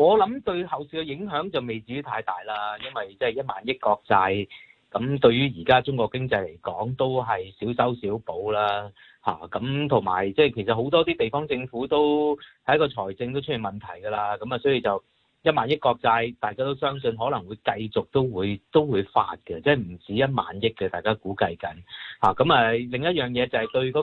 我諗對後市嘅影響就未至於太大啦，因為即係一萬億國債，咁對於而家中國經濟嚟講都係小修小補啦，嚇咁同埋即係其實好多啲地方政府都喺一個財政都出現問題㗎啦，咁啊所以就一萬億國債，大家都相信可能會繼續都會都會發嘅，即係唔止一萬億嘅，大家估計緊嚇咁啊，啊另一樣嘢就係對嗰、嗰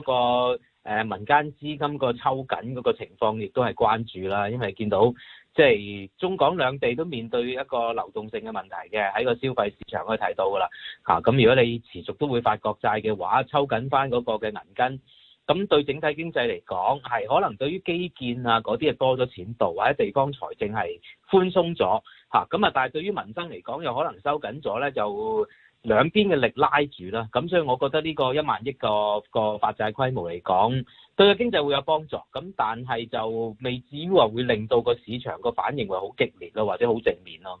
個、呃、民間資金個抽緊嗰個情況亦都係關注啦，因為見到。即係中港兩地都面對一個流動性嘅問題嘅，喺個消費市場可以睇到噶啦嚇。咁、啊、如果你持續都會發國債嘅話，抽緊翻嗰個嘅銀根，咁對整體經濟嚟講，係可能對於基建啊嗰啲係多咗錢度，或者地方財政係寬鬆咗嚇。咁啊，但係對於民生嚟講，又可能收緊咗咧就。兩邊嘅力拉住啦，咁所以我覺得呢個一萬億個個發債規模嚟講，對個經濟會有幫助，咁但係就未至於話會令到個市場個反應會好激烈咯，或者好正面咯。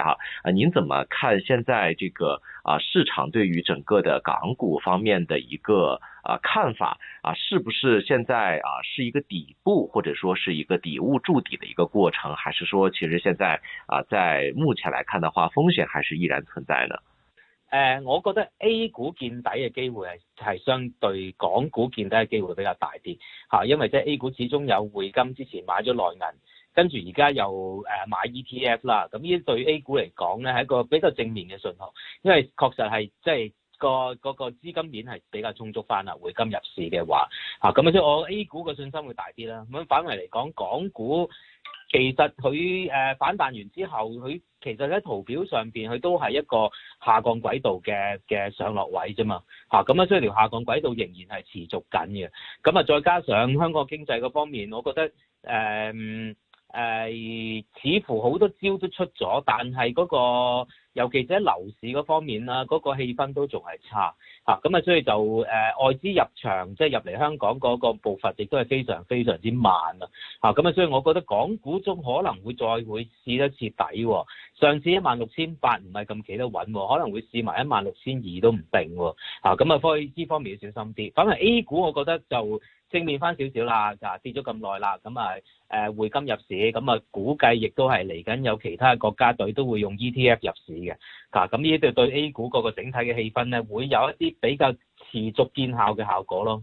啊啊！您怎麼看現在這個啊市場對於整個的港股方面的一個啊看法啊？是不是現在啊是一個底部，或者說是一個底物築底的一個過程？還是說其實現在啊在目前來看的話，風險還是依然存在呢？呃，我覺得 A 股見底嘅機會係相對港股見底嘅機會比較大啲，吓，因為即係 A 股始終有匯金之前買咗內銀。跟住而家又誒買 ETF 啦，咁呢啲對 A 股嚟講咧係一個比較正面嘅信號，因為確實係即係個個個資金面係比較充足翻啦，匯金入市嘅話，咁啊即係我 A 股嘅信心會大啲啦。咁反為嚟講，港股其實佢誒反彈完之後，佢其實喺圖表上面，佢都係一個下降軌道嘅嘅上落位啫嘛，咁啊即係條下降軌道仍然係持續緊嘅。咁啊再加上香港經濟嗰方面，我覺得誒。嗯誒、呃，似乎好多招都出咗，但係嗰、那個，尤其喺樓市嗰方面啦，嗰、那個氣氛都仲係差，吓咁啊，所以就誒、呃、外資入場即係、就是、入嚟香港嗰個步伐亦都係非常非常之慢啊，吓咁啊，所以我覺得港股中可能會再會試一次底，啊，上次一萬六千八唔係咁企得穩，啊，可能會試埋一萬六千二都唔定，喎。咁啊，啊所以呢方面要小心啲。反為 A 股，我覺得就。正面翻少少啦，嗱，跌咗咁耐啦，咁啊，誒，匯金入市，咁啊估計亦都係嚟緊有其他國家隊都會用 ETF 入市嘅。嗱，咁呢度對 A 股個個整體嘅氣氛咧，會有一啲比較持續見效嘅效果咯。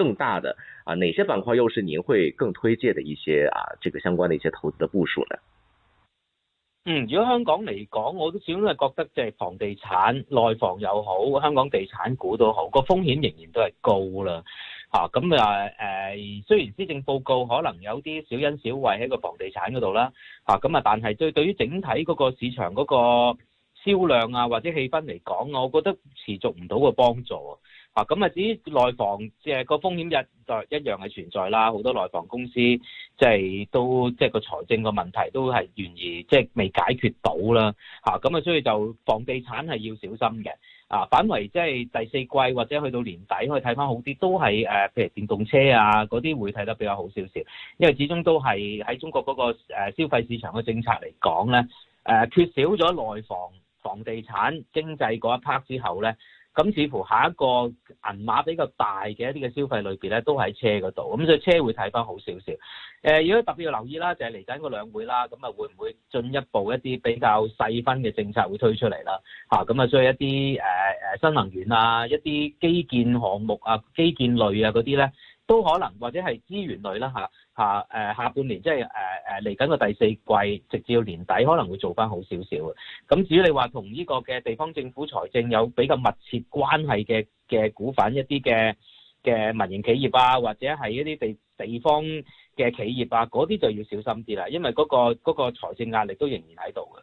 更大的啊，哪些板塊又是您會更推介的一些啊？這個相關的一些投資的部署呢？嗯，如果香港嚟講，我都始終係覺得即係房地產，內房又好，香港地產股都好，個風險仍然都係高啦。吓、啊，咁啊誒，雖然施政報告可能有啲小恩小惠喺個房地產嗰度啦，吓，咁啊，但係對對於整體嗰個市場嗰個銷量啊或者氣氛嚟講，我覺得持續唔到個幫助。啊，咁啊，至於內房，即係個風險一再一樣係存在啦。好多內房公司即係都即係個財政個問題都係懸而即係未解決到啦。嚇，咁啊，所以就房地產係要小心嘅。啊，反為即係第四季或者去到年底可以睇翻好啲，都係誒，譬、啊、如電動車啊嗰啲會睇得比較好少少，因為始終都係喺中國嗰個誒消費市場嘅政策嚟講咧，誒、啊、缺少咗內房房地產經濟嗰一 part 之後咧。咁似乎下一個銀碼比較大嘅一啲嘅消費類別咧，都喺車嗰度。咁所以車會睇翻好少少。誒、呃，如果特別要留意啦，就係嚟緊個兩會啦，咁啊會唔會進一步一啲比較細分嘅政策會推出嚟啦？嚇，咁啊所以一啲誒、呃、新能源啊，一啲基建項目啊，基建類啊嗰啲咧，都可能或者係資源類啦、嚇啊誒、呃、下半年即係誒誒嚟緊個第四季，直至到年底可能會做翻好少少嘅。咁至於你話同呢個嘅地方政府財政有比較密切關係嘅嘅股份，一啲嘅嘅民營企業啊，或者係一啲地地方嘅企業啊，嗰啲就要小心啲啦，因為嗰個嗰個財政壓力都仍然喺度嘅。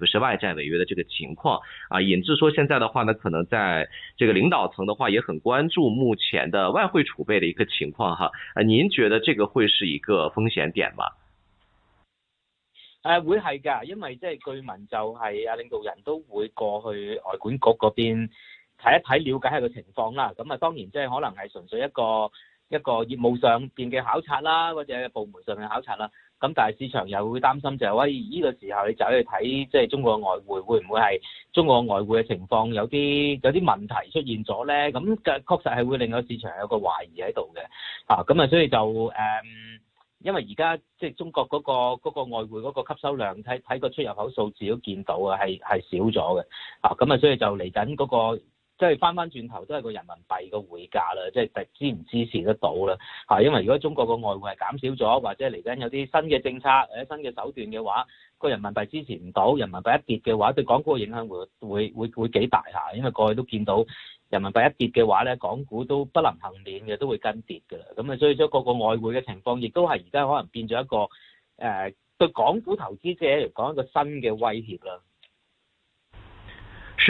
不是外債違約的這個情況啊，引致說現在的話呢，可能在這個領導層的話也很關注目前的外匯儲備的一個情況哈，呃，您覺得這個會是一個風險點嗎？誒，會係噶，因為即係據聞就係啊領導人都會過去外管局嗰邊睇一睇，了解下個情況啦。咁啊，當然即係可能係純粹一個。一個業務上面嘅考察啦，或者部門上面考察啦，咁但係市場又會擔心就係、是、喂，呢、這個時候你就去睇，即係中國外匯會唔會係中國嘅外匯嘅情況有啲有啲問題出現咗咧？咁嘅確實係會令到市場有個懷疑喺度嘅，咁啊，所以就誒、嗯，因為而家即係中國嗰、那個嗰、那個、外匯嗰個吸收量睇睇個出入口數字都見到啊，係係少咗嘅，咁啊，所以就嚟緊嗰個。即係翻翻轉頭都係個人民幣個匯價啦，即係支支唔支持得到啦嚇，因為如果中國個外匯係減少咗，或者嚟緊有啲新嘅政策誒新嘅手段嘅話，個人民幣支持唔到，人民幣一跌嘅話，對港股嘅影響會會會會幾大下，因為過去都見到人民幣一跌嘅話咧，港股都不能幸免嘅，都會跟跌㗎，咁啊，所以將個個外匯嘅情況，亦都係而家可能變咗一個誒、呃、對港股投資者嚟講一個新嘅威脅啦。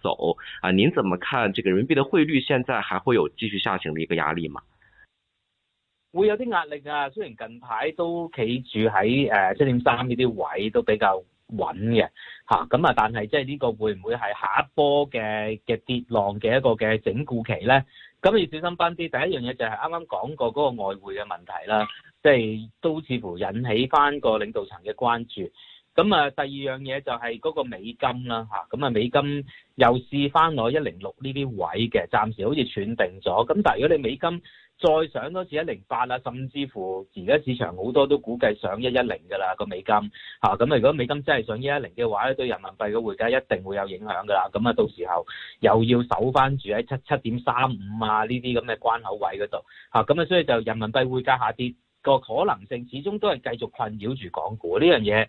走啊！您怎麼看這個人民幣的匯率？現在還會有繼續下行的一個壓力嗎？會有啲壓力啊！雖然近排都企住喺誒，七點三呢啲位都比較穩嘅，吓，咁啊，但係即係呢個會唔會係下一波嘅嘅跌浪嘅一個嘅整固期呢？咁要小心翻啲。第一樣嘢就係啱啱講過嗰個外匯嘅問題啦，即係都似乎引起翻個領導層嘅關注。咁啊，第二樣嘢就係嗰個美金啦嚇。咁啊美金又試翻落一零六呢啲位嘅，暫時好似串定咗。咁但係如果你美金再上多次一零八啊，甚至乎而家市場好多都估計上一一零㗎啦個美金嚇。咁啊，如果美金真係上一一零嘅話咧，對人民幣嘅匯價一定會有影響㗎啦。咁啊，到時候又要守翻住喺七七點三五啊呢啲咁嘅關口位嗰度嚇。咁啊，所以就人民幣匯價下跌個可能性，始終都係繼續困擾住港股呢樣嘢。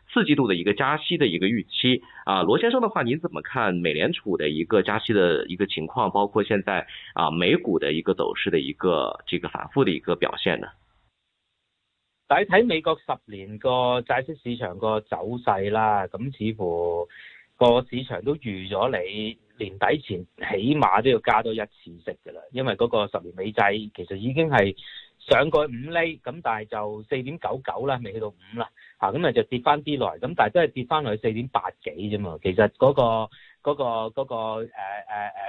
四季度的一個加息的一個預期啊，羅先生的話，你怎麼看美聯儲的一個加息的一個情況，包括現在啊美股的一個走勢的一個這個反覆的一個表現呢？大家睇美國十年個債息市場個走勢啦，咁似乎個市場都預咗你年底前起碼都要加多一次息噶啦，因為嗰個十年美債其實已經係。上個五厘咁，但係就四點九九啦，未去到五啦嚇，咁啊就跌翻啲來，咁但係都係跌翻落去四點八幾啫嘛。其實嗰個嗰個嗰個誒誒誒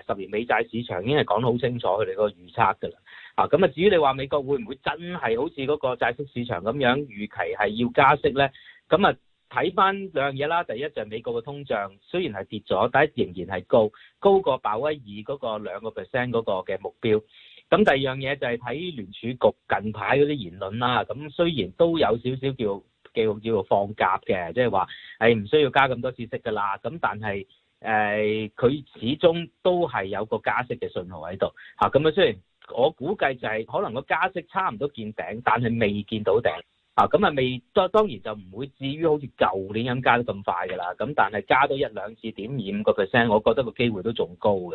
十年美債市場已經係講得好清楚，佢哋個預測㗎啦嚇。咁啊，至於你話美國會唔會真係好似嗰個債息市場咁樣預期係要加息咧？咁啊，睇翻兩樣嘢啦。第一就係美國嘅通脹雖然係跌咗，但係仍然係高，高過鮑威爾嗰個兩個 percent 嗰個嘅目標。咁第二樣嘢就係睇聯儲局近排嗰啲言論啦。咁雖然都有少少叫繼續叫做放鴿嘅，即係話誒唔需要加咁多次息嘅啦。咁但係誒佢始終都係有個加息嘅信號喺度嚇。咁啊雖然我估計就係可能個加息差唔多見頂，但係未見到頂啊。咁啊未當當然就唔會至於好似舊年咁加得咁快㗎啦。咁但係加多一兩次點二五個 percent，我覺得個機會都仲高㗎。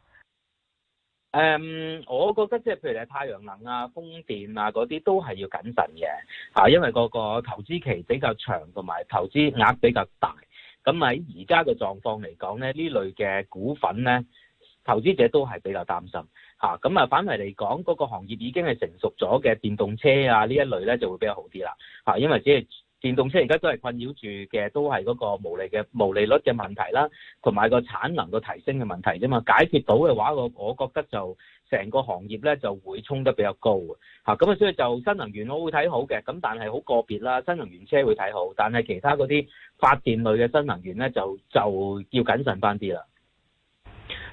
誒，um，我覺得即係譬如係太陽能啊、風電啊嗰啲都係要謹慎嘅，吓，啊，因為嗰個投資期比較長，同埋投資額比較大。咁喺而家嘅狀況嚟講咧，呢類嘅股份咧，投資者都係比較擔心。吓，咁啊，反為嚟講，嗰個行業已經係成熟咗嘅電動車啊呢一類咧就會比較好啲啦。吓，因為即係。電動車而家都係困擾住嘅，都係嗰個無利嘅無利率嘅問題啦，同埋個產能個提升嘅問題啫嘛。解決到嘅話，我我覺得就成個行業咧就會衝得比較高嘅吓。咁啊，所以就新能源我會睇好嘅，咁但係好個別啦。新能源車會睇好，但係其他嗰啲發電類嘅新能源咧就就要謹慎翻啲啦。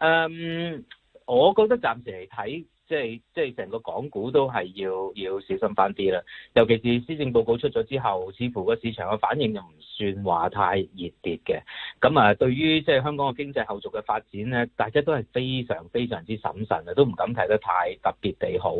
嗯、um，我覺得暫時嚟睇，即係即係成個港股都係要要小心返啲啦。尤其是施政報告出咗之後，似乎個市場嘅反應又唔算話太熱烈嘅。咁啊，對於即係香港嘅經濟後續嘅發展咧，大家都係非常非常之審慎啊，都唔敢睇得太特別地好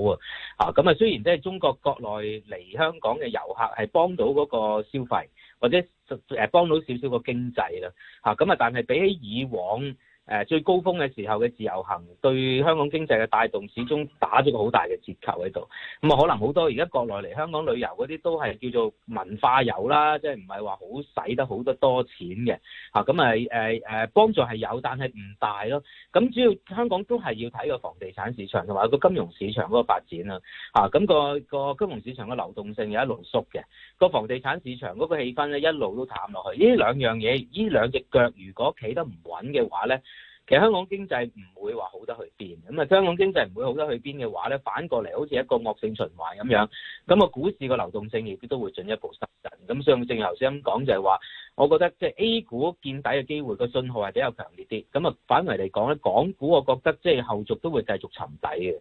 啊。咁啊，雖然即係中國國內嚟香港嘅遊客係幫到嗰個消費，或者誒幫到少少個經濟啦。咁啊，但係比起以往，誒最高峰嘅時候嘅自由行對香港經濟嘅帶動，始終打咗個好大嘅折扣喺度。咁啊，可能好多而家國內嚟香港旅遊嗰啲都係叫做文化遊啦，即係唔係話好使得好多多錢嘅嚇。咁啊，誒誒幫助係有，但係唔大咯。咁主要香港都係要睇個房地產市場同埋個金融市場嗰個發展啊。嚇，咁個個金融市場嘅流動性又一路縮嘅，個房地產市場嗰個氣氛咧一路都淡落去。呢兩樣嘢，呢兩隻腳如果企得唔穩嘅話咧。其實香港經濟唔會話好得去邊，咁啊香港經濟唔會好得去邊嘅話咧，反過嚟好似一個惡性循環咁樣，咁啊股市個流動性亦都會進一步失陣。咁上正頭先講就係話，我覺得即係 A 股見底嘅機會個信號係比較強烈啲，咁啊反過嚟講咧，港股我覺得即係後續都會繼續沉底嘅。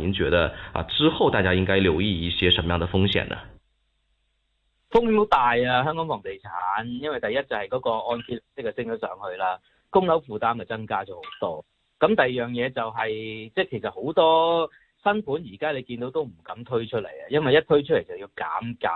您覺得啊，之後大家應該留意一些什麼樣的風險呢？風險好大啊，香港房地產，因為第一就係嗰個按揭息就升咗上去啦，供樓負擔就增加咗好多。咁第二樣嘢就係、是，即係其實好多新盤而家你見到都唔敢推出嚟啊，因為一推出嚟就要減價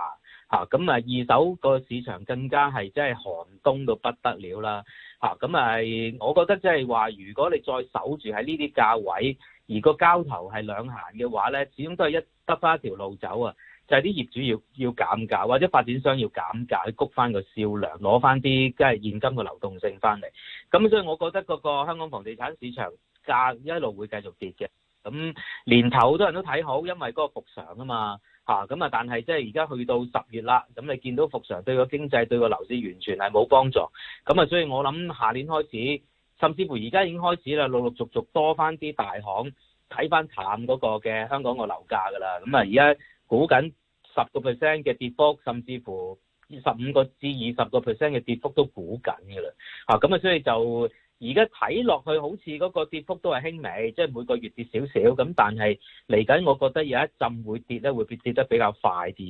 吓。咁啊，二手個市場更加係真係寒冬到不得了啦。吓咁啊，我覺得即係話，如果你再守住喺呢啲價位。而個交投係兩行嘅話呢，始終都係一得翻一條路走啊，就係啲業主要要減價，或者發展商要減價，谷翻個銷量，攞翻啲即係現金嘅流動性翻嚟。咁所以我覺得嗰個香港房地產市場價一路會繼續跌嘅。咁年頭好多人都睇好，因為嗰個復常啊嘛，嚇咁啊，但係即係而家去到十月啦，咁你見到復常對個經濟對個樓市完全係冇幫助。咁啊，所以我諗下年開始。甚至乎而家已經開始啦，陸陸續續多翻啲大行睇翻淡嗰個嘅香港個樓價㗎啦。咁啊，而家估緊十個 percent 嘅跌幅，甚至乎十五個至二十個 percent 嘅跌幅都估緊㗎啦。咁啊，所以就而家睇落去好似嗰個跌幅都係輕微，即係每個月跌少少咁，但係嚟緊我覺得有一陣會跌咧，會跌跌得比較快啲。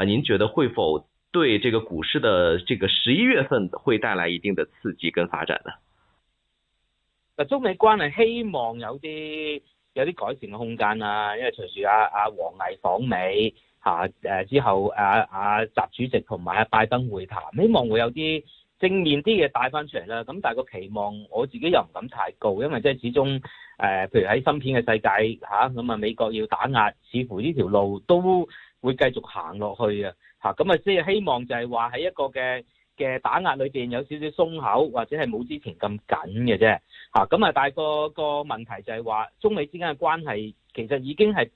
啊，您覺得會否對這個股市的這個十一月份會帶來一定的刺激跟發展呢？中美關係希望有啲有啲改善嘅空間啦，啊，因為隨住阿阿王毅訪美嚇，誒、啊啊、之後阿阿習主席同埋阿拜登會談，希望會有啲正面啲嘢帶翻出嚟啦。咁但係個期望我自己又唔敢太高，因為即係始終誒、呃，譬如喺芯片嘅世界嚇，咁啊、嗯、美國要打壓，似乎呢條路都會繼續行落去啊！嚇咁啊，即係希望就係話喺一個嘅嘅打壓裏邊有少少鬆口，或者係冇之前咁緊嘅啫嚇。咁啊，但係個個問題就係話中美之間嘅關係其實已經係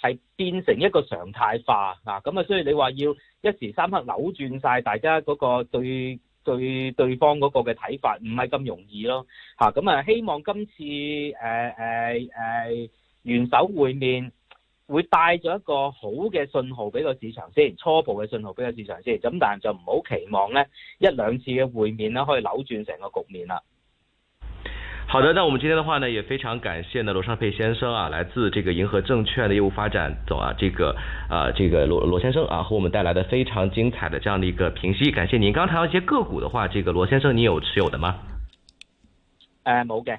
係變成一個常態化啊！咁啊，所以你話要一時三刻扭轉晒大家嗰個對對對方嗰個嘅睇法，唔係咁容易咯嚇。咁啊，希望今次誒誒誒元首會面。會帶咗一個好嘅信號俾個市場先，初步嘅信號俾個市場先。咁但係就唔好期望呢一兩次嘅會面咧，可以扭轉成個局面啦。好的，那我們今天的話呢，也非常感謝呢羅尚沛先生啊，來自這個銀河證券嘅業務發展總啊，這個啊、呃，這個羅羅先生啊，和我們帶來的非常精彩嘅這樣的一個平息。感謝您。剛談到一些個股的話，這個羅先生，你有持有的嗎？誒、呃，冇嘅。